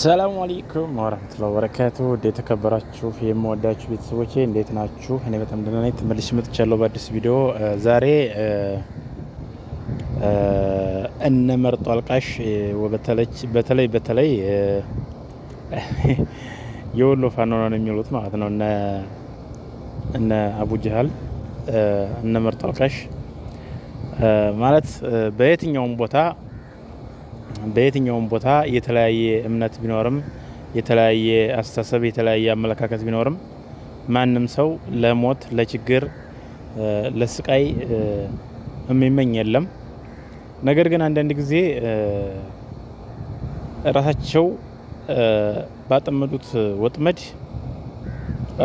ሰላሙ አለይኩም ወረህመቱላሂ ወበረካቱ። የተከበራችሁ የምወዳችሁ ቤተሰቦቼ እንዴት ናችሁ? እኔ በጣም ደህና ነኝ። ተመልሼ መጥቻለሁ በአዲስ ቪዲዮ። ዛሬ እነ መርጦ አልቃሽ በተለይ በተለይ የወሎ ፋኖ ነው የሚሉት ማለት ነው እነ አቡ ጀሃል እነ መርጦ አልቃሽ ማለት በየትኛውም ቦታ በየትኛውም ቦታ የተለያየ እምነት ቢኖርም የተለያየ አስተሳሰብ፣ የተለያየ አመለካከት ቢኖርም ማንም ሰው ለሞት፣ ለችግር፣ ለስቃይ የሚመኝ የለም። ነገር ግን አንዳንድ ጊዜ ራሳቸው ባጠመዱት ወጥመድ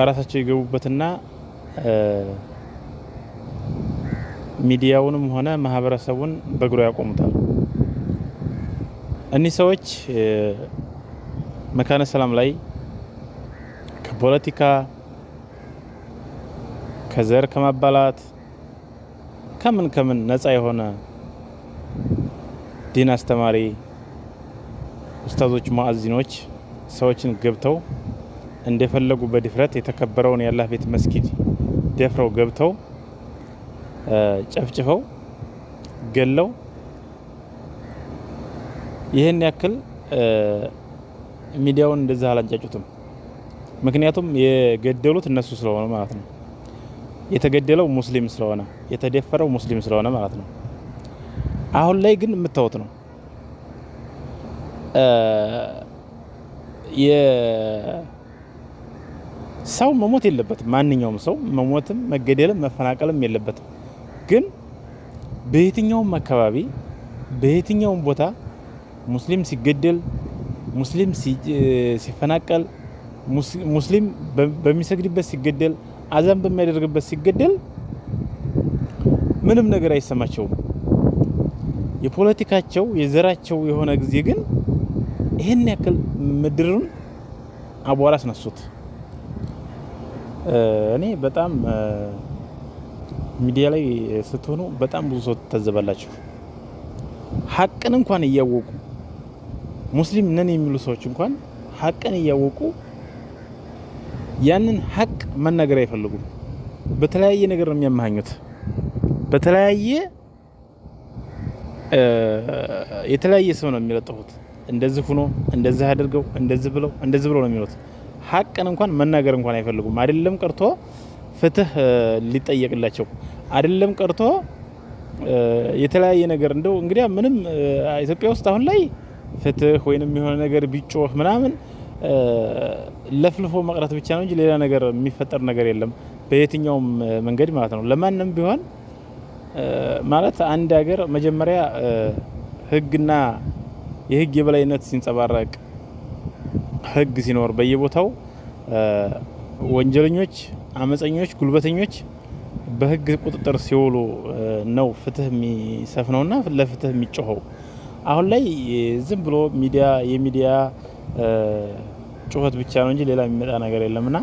ራሳቸው የገቡበትና ሚዲያውንም ሆነ ማህበረሰቡን በእግሩ ያቆሙታል። እኒህ ሰዎች መካነ ሰላም ላይ ከፖለቲካ ከዘር ከማባላት ከምን ከምን ነጻ የሆነ ዲን አስተማሪ ኡስታዞች፣ ሙአዚኖች ሰዎችን ገብተው እንደፈለጉ በድፍረት የተከበረውን የአላህ ቤት መስጊድ ደፍረው ገብተው ጨፍጭፈው ገለው ይህን ያክል ሚዲያውን እንደዚህ አላንጫጩትም። ምክንያቱም የገደሉት እነሱ ስለሆነ ማለት ነው። የተገደለው ሙስሊም ስለሆነ የተደፈረው ሙስሊም ስለሆነ ማለት ነው። አሁን ላይ ግን የምታዩት ነው ሰው መሞት የለበትም። ማንኛውም ሰው መሞትም መገደልም መፈናቀልም የለበትም። ግን በየትኛውም አካባቢ በየትኛውም ቦታ ሙስሊም ሲገደል፣ ሙስሊም ሲፈናቀል፣ ሙስሊም በሚሰግድበት ሲገደል፣ አዛን በሚያደርግበት ሲገደል ምንም ነገር አይሰማቸውም። የፖለቲካቸው የዘራቸው የሆነ ጊዜ ግን ይህን ያክል ምድርን አቧራ አስነሱት። እኔ በጣም ሚዲያ ላይ ስትሆኑ በጣም ብዙ ሰው ትታዘባላችሁ። ሀቅን እንኳን እያወቁ ሙስሊም ነን የሚሉ ሰዎች እንኳን ሀቅን እያወቁ ያንን ሀቅ መናገር አይፈልጉም። በተለያየ ነገር ነው የሚያመሃኙት። በተለያየ የተለያየ ሰው ነው የሚለጥፉት። እንደዚህ ሆኖ እንደዚህ አድርገው እንደዚህ ብለው እንደዚህ ብለው ነው የሚሉት። ሀቅን እንኳን መናገር እንኳን አይፈልጉም። አይደለም ቀርቶ ፍትህ ሊጠየቅላቸው አይደለም ቀርቶ የተለያየ ነገር እንደው እንግዲያ ምንም ኢትዮጵያ ውስጥ አሁን ላይ ፍትህ ወይንም የሆነ ነገር ቢጮህ ምናምን ለፍልፎ መቅረት ብቻ ነው እንጂ ሌላ ነገር የሚፈጠር ነገር የለም፣ በየትኛውም መንገድ ማለት ነው። ለማንም ቢሆን ማለት አንድ ሀገር መጀመሪያ ህግና የህግ የበላይነት ሲንጸባረቅ፣ ህግ ሲኖር በየቦታው ወንጀለኞች፣ አመፀኞች፣ ጉልበተኞች በህግ ቁጥጥር ሲውሉ ነው ፍትህ የሚሰፍነውና ለፍትህ የሚጮኸው። አሁን ላይ ዝም ብሎ ሚዲያ የሚዲያ ጩኸት ብቻ ነው እንጂ ሌላ የሚመጣ ነገር የለም እና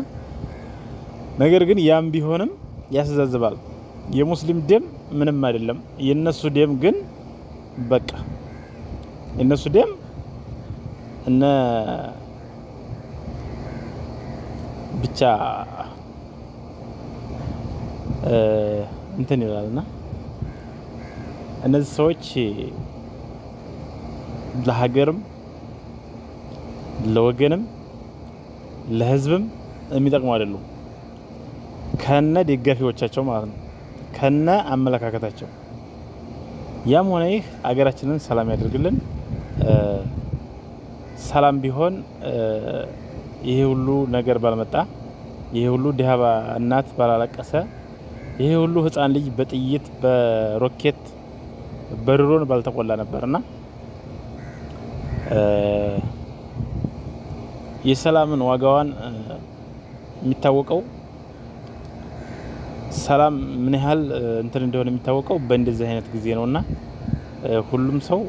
ነገር ግን ያም ቢሆንም ያስዘዝባል። የሙስሊም ደም ምንም አይደለም። የነሱ ደም ግን በቃ የነሱ ደም እነ ብቻ እንትን ይላልና እነዚህ ሰዎች ለሀገርም ለወገንም ለህዝብም የሚጠቅሙ አይደሉም። ከነ ደጋፊዎቻቸው ማለት ነው፣ ከነ አመለካከታቸው። ያም ሆነ ይህ አገራችንን ሰላም ያደርግልን። ሰላም ቢሆን ይሄ ሁሉ ነገር ባልመጣ፣ ይሄ ሁሉ ድሃ እናት ባላለቀሰ፣ ይሄ ሁሉ ህፃን ልጅ በጥይት በሮኬት በድሮን ባልተቆላ ነበርና የሰላምን ዋጋዋን የሚታወቀው ሰላም ምን ያህል እንትን እንደሆነ የሚታወቀው በእንደዚህ አይነት ጊዜ ነው እና ሁሉም ሰው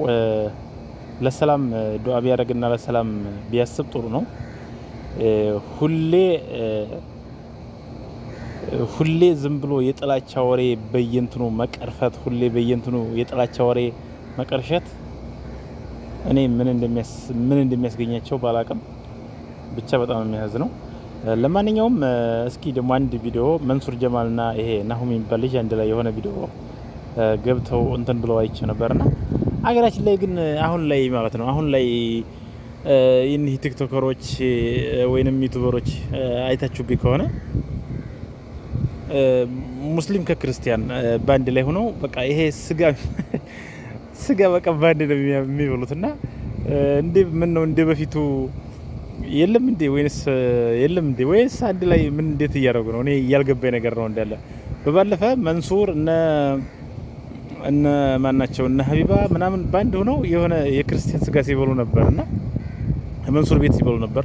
ለሰላም ዱዓ ቢያደርግና ለሰላም ቢያስብ ጥሩ ነው። ሁሌ ሁሌ ዝም ብሎ የጥላቻ ወሬ በየንትኑ መቀርፈት፣ ሁሌ በየንትኑ የጥላቻ ወሬ መቀርሸት እኔ ምን እንደሚያስገኛቸው ባላቅም ብቻ በጣም የሚያዝ ነው። ለማንኛውም እስኪ ደግሞ አንድ ቪዲዮ መንሱር ጀማል ና ይሄ ናሁም የሚባል ልጅ አንድ ላይ የሆነ ቪዲዮ ገብተው እንትን ብለው አይቼ ነበር ና አገራችን ላይ ግን አሁን ላይ ማለት ነው አሁን ላይ ይህ ቲክቶከሮች ወይንም ዩቱበሮች አይታችሁብ ከሆነ ሙስሊም ከክርስቲያን በአንድ ላይ ሆነው በቃ ይሄ ስጋ ስጋ በቃ በአንድ ነው የሚበሉት እና እንዴ ምን ነው እንደ በፊቱ የለም እንዴ ወይስ የለም እንዴ ወይስ አንድ ላይ ምን እንዴት እያደረጉ ነው? እኔ እያልገባኝ ነገር ነው እንዳለ በባለፈ መንሱር እነ እነ ማናቸው እነ ሀቢባ ምናምን ባንድ ሆነው የሆነ የክርስቲያን ስጋ ሲበሉ ነበር እና መንሱር ቤት ሲበሉ ነበር።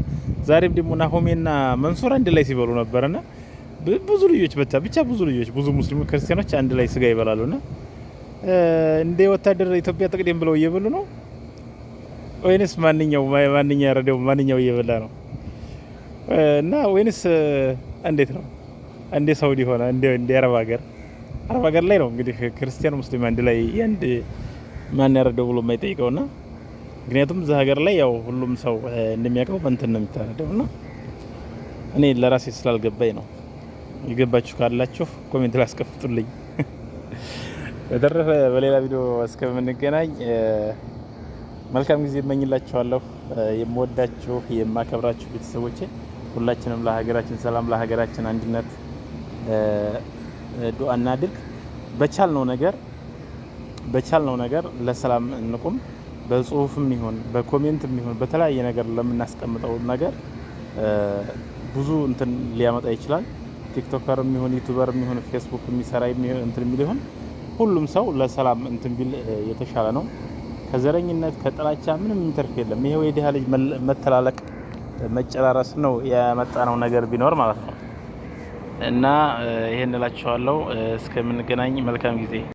ዛሬም ደግሞ ናሆሜና መንሱር አንድ ላይ ሲበሉ ነበር እና ብዙ ልጆች ብቻ ብቻ ብዙ ልጆች ብዙ ሙስሊሙ ክርስቲያኖች አንድ ላይ ስጋ ይበላሉ እና እንደ ወታደር ኢትዮጵያ ጥቅዴም ብለው እየበሉ ነው ወይንስ ማንኛው ማንኛው ረዲዮ ማንኛው እየበላ ነው እና ወይንስ እንዴት ነው? እንዴ ሳውዲ ሆነ እንዴ እንዴ አረብ ሀገር አረብ ሀገር ላይ ነው እንግዲህ ክርስቲያን ሙስሊም አንድ ላይ ያንድ ማን ያረደው ብሎ የማይጠይቀውና ምክንያቱም እዛ ሀገር ላይ ያው ሁሉም ሰው እንደሚያውቀው በእንትን ነው ና እኔ ለራሴ ስላልገባኝ ነው። የገባችሁ ካላችሁ ኮሜንት ላይ አስቀምጡልኝ። በተረፈ በሌላ ቪዲዮ እስከምንገናኝ መልካም ጊዜ እመኝላችኋለሁ። የምወዳችሁ የማከብራችሁ ቤተሰቦቼ ሁላችንም ለሀገራችን ሰላም፣ ለሀገራችን አንድነት ዱአ እናድርግ። በቻልነው ነገር በቻልነው ነገር ለሰላም እንቁም። በጽሁፍም ይሁን በኮሜንትም ይሁን በተለያየ ነገር ለምናስቀምጠው ነገር ብዙ እንትን ሊያመጣ ይችላል። ቲክቶከርም ይሁን ዩቱበርም ይሁን ፌስቡክ የሚሰራ እንትን የሚል ይሁን ሁሉም ሰው ለሰላም እንትን ቢል የተሻለ ነው። ከዘረኝነት ከጥላቻ ምንም ኢንተርፍ የለም። ይሄው የድሃ ልጅ መተላለቅ መጨራረስ ነው ያመጣነው ነገር ቢኖር ማለት ነው። እና ይሄን እላችኋለሁ። እስከምንገናኝ መልካም ጊዜ